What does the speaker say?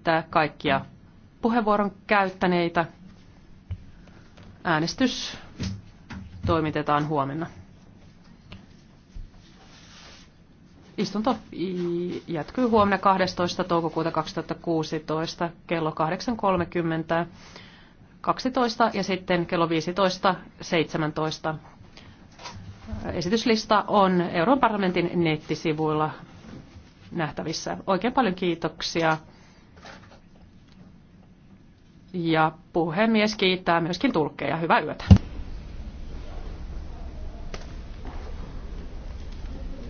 kiittää kaikkia puheenvuoron käyttäneitä. Äänestys toimitetaan huomenna. Istunto jatkuu huomenna 12. toukokuuta 2016 kello 8.30, 12 ja sitten kello 15.17. Esityslista on Euroopan parlamentin nettisivuilla nähtävissä. Oikein paljon kiitoksia. Ja puhemies kiittää myöskin tulkkeja. Hyvää yötä.